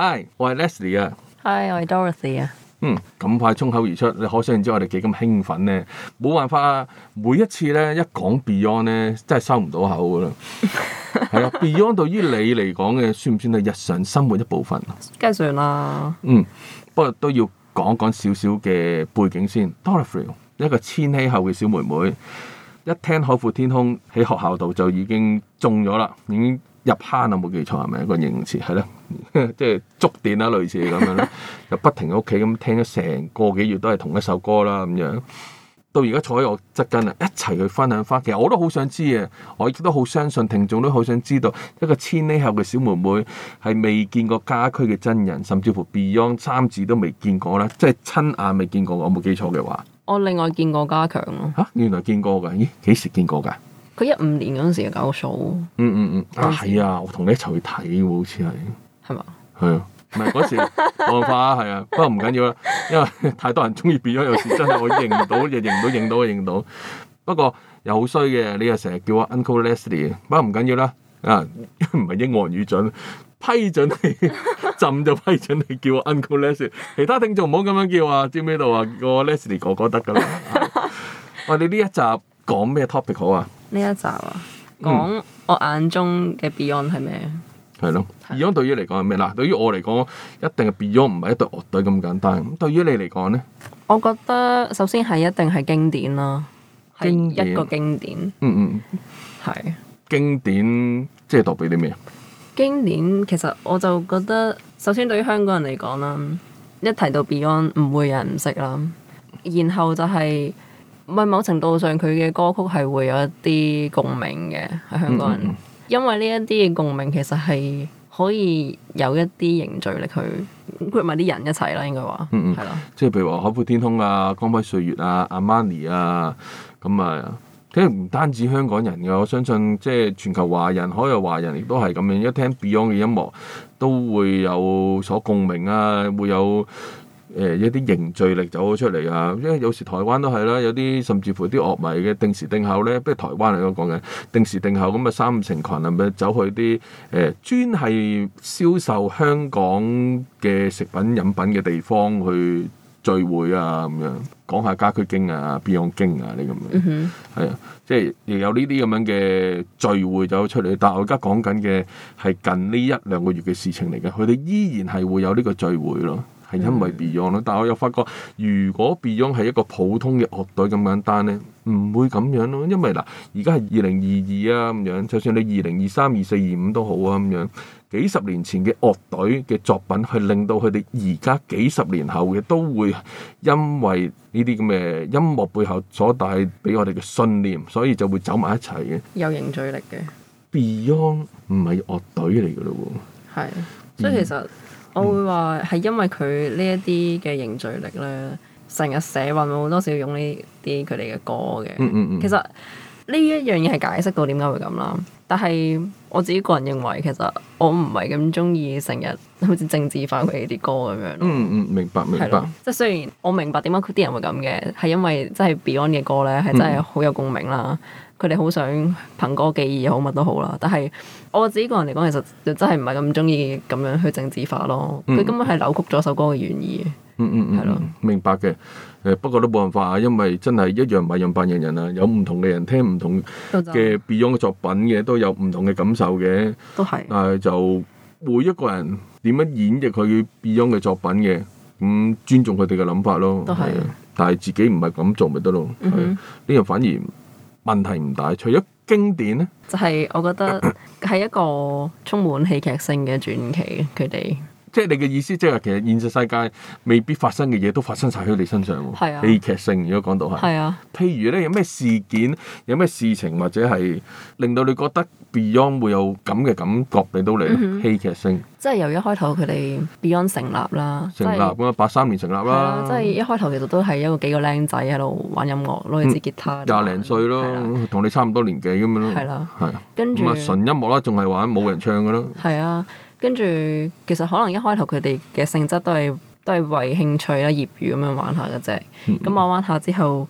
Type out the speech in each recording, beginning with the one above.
Hi，我係 Leslie 啊。Hi，我係 Dorothy 啊。嗯，咁快衝口而出，你可想而知我哋幾咁興奮咧。冇辦法啊，每一次咧一講 Beyond 咧，真係收唔到口噶啦。係 啊，Beyond 對於你嚟講嘅，算唔算係日常生活一部分啊？梗係算啦。嗯，不過都要講講少少嘅背景先。Dorothy，一個千禧後嘅小妹妹，一聽《海闊天空》喺學校度就已經中咗啦，已經。入坑啊！冇記錯係咪一個形容詞？係咯， 即係觸電啦，類似咁樣啦。就 不停喺屋企咁聽咗成個幾月都係同一首歌啦，咁樣到而家坐喺我側邊啊，一齊去分享返。其實我都好想知啊，我亦都好相信聽眾都好想知道，想知道一個千禧後嘅小妹妹係未見過家駒嘅真人，甚至乎 Beyond 三字都未見過啦，即係親眼未見過。我冇記錯嘅話，我另外見過家強咯。嚇、啊！原來見過㗎？咦？幾時見過㗎？佢一五年嗰陣時又搞個數，嗯嗯嗯，時啊係啊，我同你一齊去睇喎，好似係，係嘛吧？係啊，唔係嗰時冇辦法啊，係啊，不過唔緊要啦，因為太多人中意變咗，有時真係我認唔到，又 認唔到，認到又認，認到。不過又好衰嘅，你又成日叫我 Uncle Leslie，不過唔緊要啦，啊唔係英皇語準批准你，朕就批准你叫我 Uncle Leslie，其他聽眾唔好咁樣叫哥哥哥啊，知唔知道啊？叫我 Leslie 哥哥得㗎啦。喂，你呢一集講咩 topic 好啊？呢一集啊，講我眼中嘅 Beyond 係咩？嗯？係咯，Beyond 對於嚟講係咩？嗱是，對於我嚟講，一定係 Beyond 唔係一對樂隊咁簡單。對於你嚟講咧，我覺得首先係一定係經典啦，係典一個經典。嗯嗯，係是經典，即係代表啲咩？經典其實我就覺得，首先對於香港人嚟講啦，一提到 Beyond 唔會有人唔識啦。然後就係、是。唔係某程度上佢嘅歌曲係會有一啲共鳴嘅，喺香港人，嗯嗯、因為呢一啲嘅共鳴其實係可以有一啲凝聚力去 group 埋啲人一齊啦，應該話，嗯，係啦。即係譬如話《海闊天空》啊，《光輝歲月》啊，《阿瑪尼》啊，咁啊，跟住唔單止香港人嘅，我相信即係全球華人，海外華人亦都係咁樣，一聽 Beyond 嘅音樂都會有所共鳴啊，會有。誒、呃、一啲凝聚力走咗出嚟啊！因為有時台灣都係啦，有啲甚至乎啲樂迷嘅定時定候咧，不如台灣嚟講講緊定時定候咁啊，三五成群，啊，咪走去啲誒、呃、專係銷售香港嘅食品飲品嘅地方去聚會啊，咁樣講下家居經啊、Beyond 經啊啲咁嘅，係、mm hmm. 啊，即係亦有呢啲咁樣嘅聚會走咗出嚟。但係我而家講緊嘅係近呢一兩個月嘅事情嚟嘅，佢哋依然係會有呢個聚會咯。係因為 Beyond 咯，但係我又發覺，如果 Beyond 係一個普通嘅樂隊咁簡單咧，唔會咁樣咯。因為嗱，而家係二零二二啊，咁樣就算你二零二三、二四、二五都好啊，咁樣幾十年前嘅樂隊嘅作品係令到佢哋而家幾十年後嘅都會因為呢啲咁嘅音樂背後所帶俾我哋嘅信念，所以就會走埋一齊嘅。有凝聚力嘅。Beyond 唔係樂隊嚟㗎咯喎。係。所以其實。我會話係因為佢呢一啲嘅凝聚力咧，成日社運好多時要用呢啲佢哋嘅歌嘅。嗯嗯、其實呢一樣嘢係解釋到點解會咁啦。但係我自己個人認為，其實我唔係咁中意成日好似政治化佢哋啲歌咁樣。嗯嗯，明白明白。即係雖然我明白點解佢啲人會咁嘅，係、嗯、因為即係 Beyond 嘅歌咧，係真係好有共鳴啦。嗯嗯。佢哋好想憑歌寄意好乜都好啦，但係我自己個人嚟講，其實就真係唔係咁中意咁樣去政治化咯。佢根本係扭曲咗首歌嘅原意。嗯嗯嗯，係、嗯嗯、是咯，明白嘅。誒不過都冇辦法啊，因為真係一樣米養百樣人啊，有唔同嘅人聽唔同嘅 Beyond 嘅作品嘅，都有唔同嘅感受嘅。都係是。但係就每一個人點樣演繹佢 Beyond 嘅作品嘅，咁、嗯、尊重佢哋嘅諗法咯。都係是。但係自己唔係咁做咪得咯？呢啲、嗯、哼 反而。問題唔大，除咗經典咧，就係我覺得係一個充滿戲劇性嘅傳奇，佢哋。即係你嘅意思，即係其實現實世界未必發生嘅嘢都發生晒喺你身上喎，戲劇性。如果講到係，譬如咧有咩事件，有咩事情或者係令到你覺得 Beyond 會有咁嘅感覺俾到你戲劇性。即係由一開頭佢哋 Beyond 成立啦，成立咁八三年成立啦，即係一開頭其實都係一個幾個靚仔喺度玩音樂攞支吉他，廿零歲咯，同你差唔多年紀咁樣咯，係啦，係啊，跟住啊純音樂啦，仲係玩冇人唱㗎咯，係啊。跟住，其實可能一開頭佢哋嘅性質都係都係為興趣啦、業餘咁樣玩下嘅啫。咁、嗯、玩玩下之後。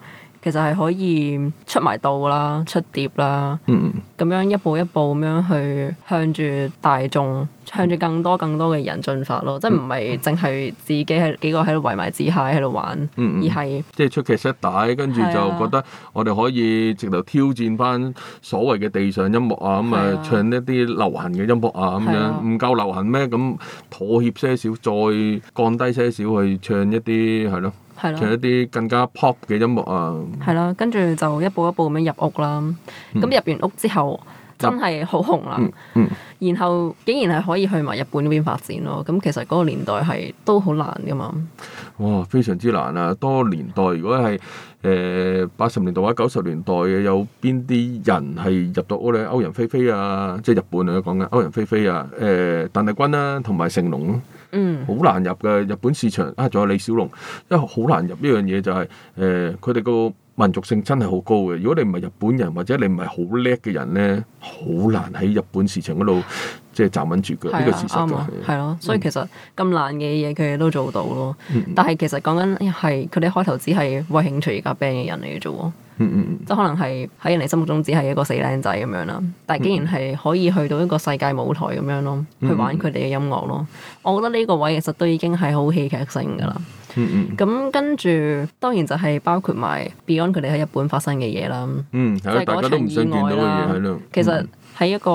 其實係可以出埋道啦，出碟啦，咁、嗯、樣一步一步咁樣去向住大眾，向住更多更多嘅人進發咯，嗯、即係唔係淨係自己喺幾個喺度圍埋自嗨喺度玩，嗯嗯、而係是即係出 cassette 帶，跟住就覺得我哋可以直頭挑戰翻所謂嘅地上音樂啊，咁、嗯、啊唱一啲流行嘅音樂啊，咁、啊、樣唔夠流行咩？咁妥協些少，再降低些少去唱一啲係咯。係咯，仲有一啲更加 pop 嘅音樂啊，係啦，跟住就一步一步咁樣入屋啦。咁入、嗯、完屋之後，嗯、真係好紅啦。嗯嗯、然後竟然係可以去埋日本嗰邊發展咯。咁其實嗰個年代係都好難噶嘛。哇，非常之難啊！多年代，如果係誒八十年代或者九十年代嘅，有邊啲人係入到屋咧？歐陽菲菲啊，即係日本嚟講嘅歐陽菲菲啊，誒鄧麗君啊，同埋成龍。嗯，好難入嘅日本市場啊，仲有李小龍，因為好難入呢樣嘢就係，誒、呃，佢哋個。民族性真係好高嘅，如果你唔係日本人或者你唔係好叻嘅人咧，好難喺日本市場嗰度即係站穩住嘅，呢、啊、個事實㗎、就係。係咯、啊啊，所以其實咁難嘅嘢佢哋都做到咯。嗯、但係其實講緊係佢哋開頭只係為興趣而夾 band 嘅人嚟嘅啫，即可能係喺人哋心目中只係一個死靚仔咁樣啦。但係竟然係可以去到一個世界舞台咁樣咯，嗯、去玩佢哋嘅音樂咯。我覺得呢個位其實都已經係好戲劇性㗎啦。嗯嗯，咁跟住當然就係包括埋 Beyond 佢哋喺日本發生嘅嘢啦。嗯，係啊，就係嗰場意外啦，大家唔想見到嘅嘢啦。其實喺、嗯嗯、一個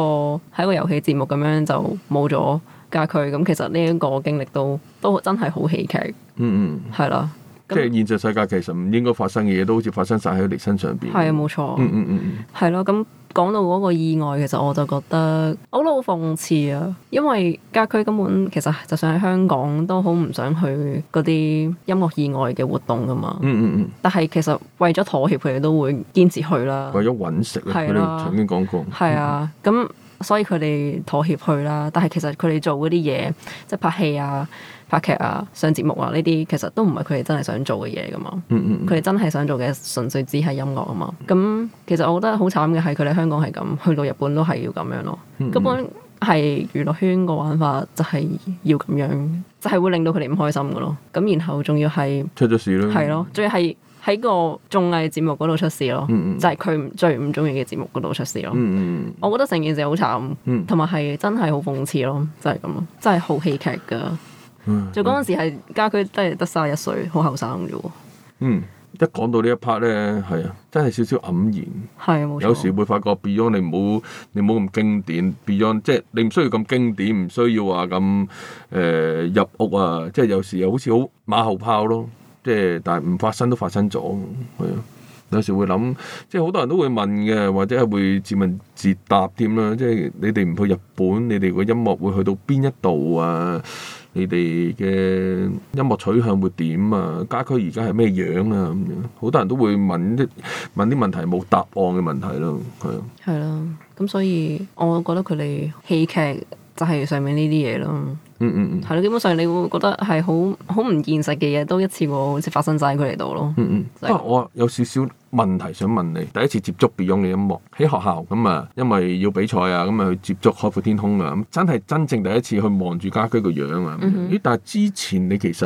喺一個遊戲節目咁樣就冇咗家駒，咁其實呢一個經歷都都真係好喜劇。嗯嗯，係啦。即係現實世界其實唔應該發生嘅嘢，都好似發生晒喺我哋身上邊。係啊，冇錯、嗯。嗯嗯嗯嗯，係咯、啊。咁講到嗰個意外，其實我就覺得好老諷刺啊。因為家駒根本其實，就算喺香港都好唔想去嗰啲音樂意外嘅活動噶嘛。嗯嗯嗯。嗯嗯但係其實為咗妥協，佢哋都會堅持去啦。為咗搵食啊！我哋曾經講過。係啊，咁、啊。嗯嗯所以佢哋妥協去啦，但係其實佢哋做嗰啲嘢，即係拍戲啊、拍劇啊、上節目啊呢啲，其實都唔係佢哋真係想做嘅嘢噶嘛。佢哋、嗯嗯、真係想做嘅，純粹只係音樂啊嘛。咁其實我覺得好慘嘅係佢哋香港係咁，去到日本都係要咁樣咯。嗯嗯。根本係娛樂圈個玩法就係要咁樣，就係、係、會令到佢哋唔開心噶咯。咁然後仲要係出咗事咧，係咯，仲要係。喺個綜藝節目嗰度出事咯，嗯嗯，就係佢最唔中意嘅節目嗰度出事咯。嗯嗯嗯，我覺得成件事好慘，同埋係真係好諷刺咯，就係咁，真係好戲劇噶。嗯、就嗰陣時係家駒，佢真係得三十一歲，好後生啫喎。嗯，一講到呢一 part 咧，係啊，真係少少黯然。係啊，冇錯。有時會發覺 Beyond 你唔好，你冇咁經典。Beyond 即係你唔需要咁經典，唔需要話咁誒入屋啊，即係有時又好似好馬後炮咯。即係，但係唔發生都發生咗，係啊！有時會諗，即係好多人都會問嘅，或者係會自問自答添啦。即係你哋唔去日本，你哋個音樂會去到邊一度啊？你哋嘅音樂取向會點啊？家駒而家係咩樣啊？咁樣好多人都會問啲問啲問，問題，冇答案嘅問題咯，係啊。係啦，咁所以我覺得佢哋戲劇就係上面呢啲嘢咯。嗯嗯嗯，係咯、mm，hmm. 基本上你會覺得係好好唔現實嘅嘢，都一次過好似發生曬喺佢哋度咯。嗯嗯，我有少少。問題想問你，第一次接觸 Beyond 嘅音樂喺學校咁啊，嗯，因為要比賽啊，咁啊去接觸《海闊天空》啊，咁真係真正第一次去望住家居個樣啊！咦，嗯，嗯，但係之前你其實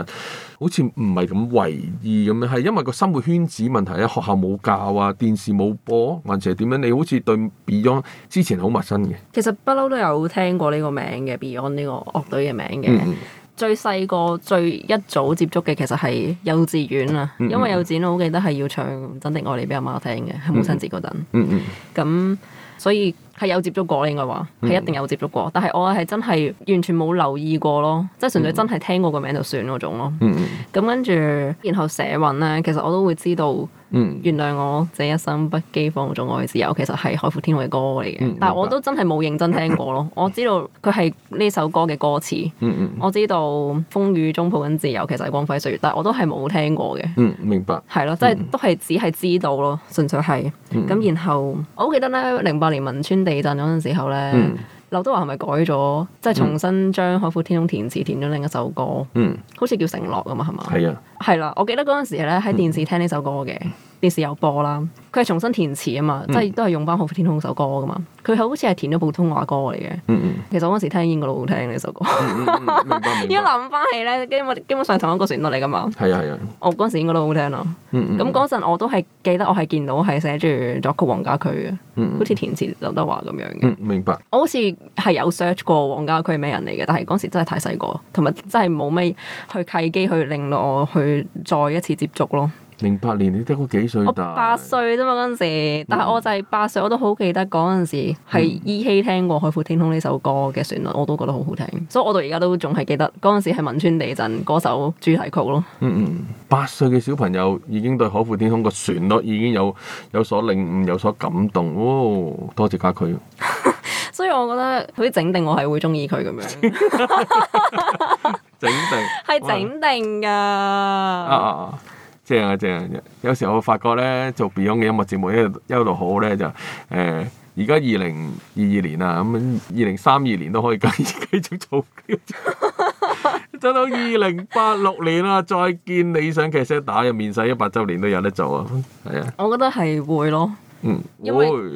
好似唔係咁為意咁樣，係因為個生活圈子問題咧，學校冇教啊，電視冇播，還是係點樣？你好似對 Beyond 之前好陌生嘅。其實不嬲都有聽過呢個名嘅 Beyond 呢個樂隊嘅名嘅。嗯最細個最一早接觸嘅其實係幼稚園啦，嗯嗯，因為幼稚園我好記得係要唱《真的愛你》俾阿媽媽聽嘅，係母親節嗰陣。咁、嗯嗯、所以係有接觸過應該話，係一定有接觸過。但係我係真係完全冇留意過咯，即、就、係、是、純粹真係聽過個名就算嗰種咯。咁、嗯嗯、跟住，然後社運咧，其實我都會知道。嗯、原諒我這一生不羈放縱愛自由，其實係海闊天空嘅歌嚟嘅。嗯、但係我都真係冇認真聽過咯。嗯、我知道佢係呢首歌嘅歌詞，嗯嗯、我知道風雨中抱緊自由其實係光輝歲月，但係我都係冇聽過嘅、嗯。明白。係咯，即係、嗯、都係只係知道咯，純粹係。咁、嗯、然後我好記得咧，零八年汶川地震嗰陣時候咧。嗯劉德華係咪改咗，即係重新將《海闊天空》填詞填咗另一首歌，嗯，好似叫《承諾》咁係嘛？係啊，係啦，我記得嗰陣時咧喺電視聽呢首歌嘅。嗯電視有播啦，佢係重新填詞啊嘛，嗯、即係都係用翻《海闊天空》首歌噶嘛，佢好似係填咗普通話歌嚟嘅。嗯、其實我嗰時聽應該都好聽呢首歌。嗯嗯一諗翻起咧，基基本本上同一個旋律嚟噶嘛。係啊係啊。我嗰陣應該都好聽啦。嗯咁嗰陣我都係記得我係見到係寫住「作曲黃家駒」嘅、嗯，嗯、好似填詞劉德華咁樣嘅、嗯。明白。我好似係有 search 過「黃家駒」係咩人嚟嘅，但係嗰時真係太細個，同埋真係冇咩去契機去令到我去再一次接觸咯。零八年你得個幾歲？八歲啫嘛嗰陣時，但係我就係八歲，我都好記得嗰陣時係依稀聽過《海闊天空》呢首歌嘅旋律，我都覺得好好聽。所以我到而家都仲係記得嗰陣時係汶川地震嗰首主題曲咯。嗯嗯，八歲嘅小朋友已經對《海闊天空》個旋律已經有有所領悟、有所感動。哦，多謝家駒。 所以，我覺得好似整定我係會中意佢咁樣。 整定係整定㗎。啊啊啊！正啊，正啊，有時候我發覺咧，做 Beyond 嘅音樂節目一路一路好咧，就誒而家二零二二年啦，咁二零三二年都可以繼繼續做， 走到二零八六年啊，再見理想 Keset 帶面世一百週年都有得做啊，係啊，我覺得係會咯，嗯，因為 會，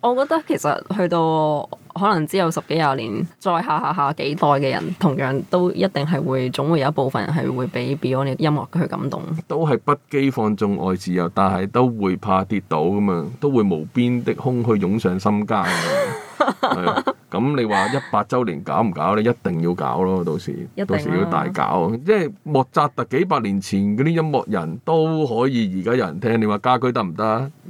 我覺得其實去到。可能只有十幾廿年，再下下下幾代嘅人，同樣都一定係會，總會有一部分人係會俾 Beyond 嘅音樂佢感動。都係不羈放縱愛自由，但係都會怕跌倒㗎嘛，都會無邊的空虛湧上心間 係啊，咁 你話一百周年搞唔搞？你一定要搞咯，到時、啊、到時要大搞，即係莫扎特幾百年前嗰啲音樂人都可以，而家有人聽。你話家居得唔得？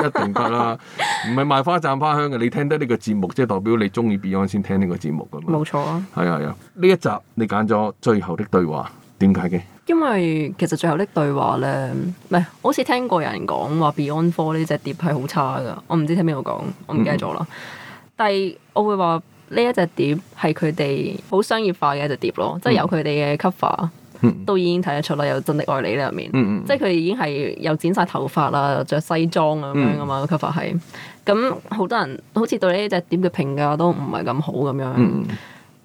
一定得啦，唔係賣花讚花香嘅。你聽得呢個節目，即係代表你中意 Beyond 先聽呢個節目噶嘛？冇錯啊。係啊係啊，呢一集你揀咗最後的對話，點解嘅？因為其實最後的對話咧，唔、哎、係，我好似聽過有人講話 Beyond Four 呢隻碟係好差噶，我唔知聽邊個講，我唔記得咗啦。嗯嗯但係我會話呢一隻碟係佢哋好商業化嘅一隻碟咯，嗯、即係有佢哋嘅 cover、嗯、都已經睇得出啦，有真的愛你咧入面，嗯、即係佢已經係又剪晒頭髮啦，又着西裝啊咁樣啊嘛，個 cover 係，咁好、嗯、多人好似對呢一隻碟嘅評價都唔係咁好咁樣。嗯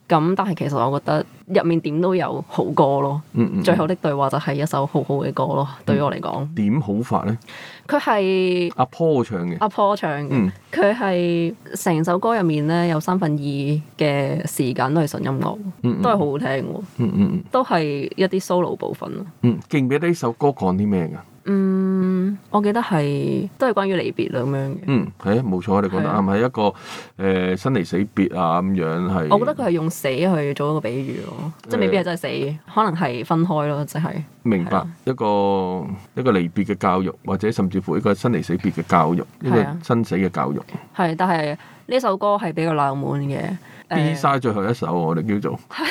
咁但係其實我覺得入面點都有好歌咯，嗯嗯、最後的對話就係一首好好嘅歌咯，嗯、對於我嚟講。點好法咧？佢係是阿坡唱嘅，阿坡唱嘅，佢係成首歌入面咧有三分二嘅時間都係純音樂，嗯、都係好好聽喎，嗯都係一啲 solo 部分咯，嗯，勁唔勁咧？呢、嗯、首歌講啲咩噶？我記得係都係關於離別咁樣嘅。嗯，係啊，冇錯，你講得啱，係一個誒生、呃、離死別啊咁樣係。我覺得佢係用死去做一個比喻咯，誒即係未必係真係死，可能係分開咯，即、就、係、是。明白的一個一個離別嘅教育，或者甚至乎一個生離死別嘅教育，的一個生死嘅教育。係，但係呢首歌係比較冷門嘅。B-side、嗯、最後一首、啊，我哋叫做，係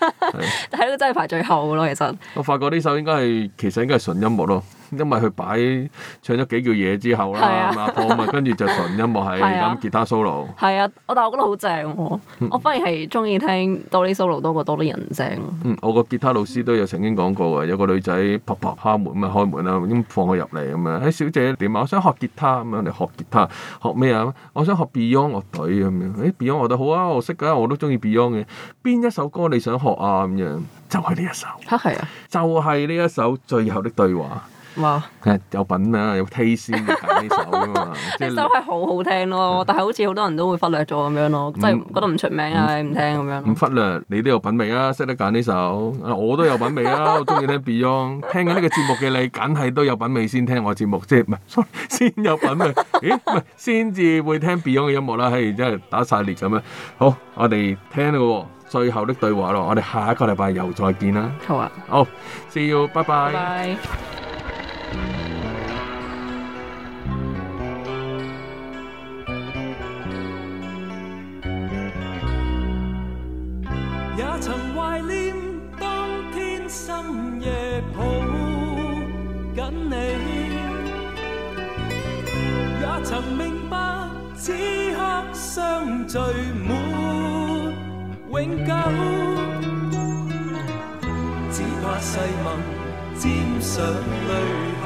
咯， 真係排最後嘅咯，其實。我發覺呢首應該係其實應該係純音樂咯。因為佢擺唱咗幾句嘢之後啦，阿 Po 啊，啊寶跟住就純音樂係咁、啊、吉他 solo。係啊，我但我覺得好正喎！嗯、我反而係中意聽多啲 solo 多過多啲人聲。嗯，我個吉他老師都有曾經講過有個女仔啪啪敲門咁啊開門啦，咁放我入嚟咁啊！誒、嗯、小姐點啊？我想學吉他咁樣、嗯、你學吉他，學咩啊？我想學樂、嗯欸、Beyond 樂隊咁樣。誒 Beyond 樂隊好啊！我識噶，我都中意 Beyond 嘅。邊一首歌你想學啊？咁樣就係、是、呢一首。係、就是、啊！就係呢一首最後的對話。有品啊，有 taste 嚟揀呢首啊嘛！呢首係好好聽咯，但係好似好多人都會忽略咗咁樣咯，即係覺得唔出名啊，唔聽咁樣。唔忽略，你都有品味啊，識得揀呢首。我都有品味啊，我中意聽 Beyond。聽緊呢個節目嘅你，梗係都有品味先聽我嘅節目，即係唔係？先有品味，咦？唔係先至會聽 Beyond 嘅音樂啦。嘿，真係打晒裂咁樣。好，我哋聽到最後的對話咯。我哋下一個禮拜又再見啦。好啊，好，See you，拜拜。也曾懷念當天深夜抱緊你，也曾明白此刻相聚沒永久，只怕細紋沾上淚。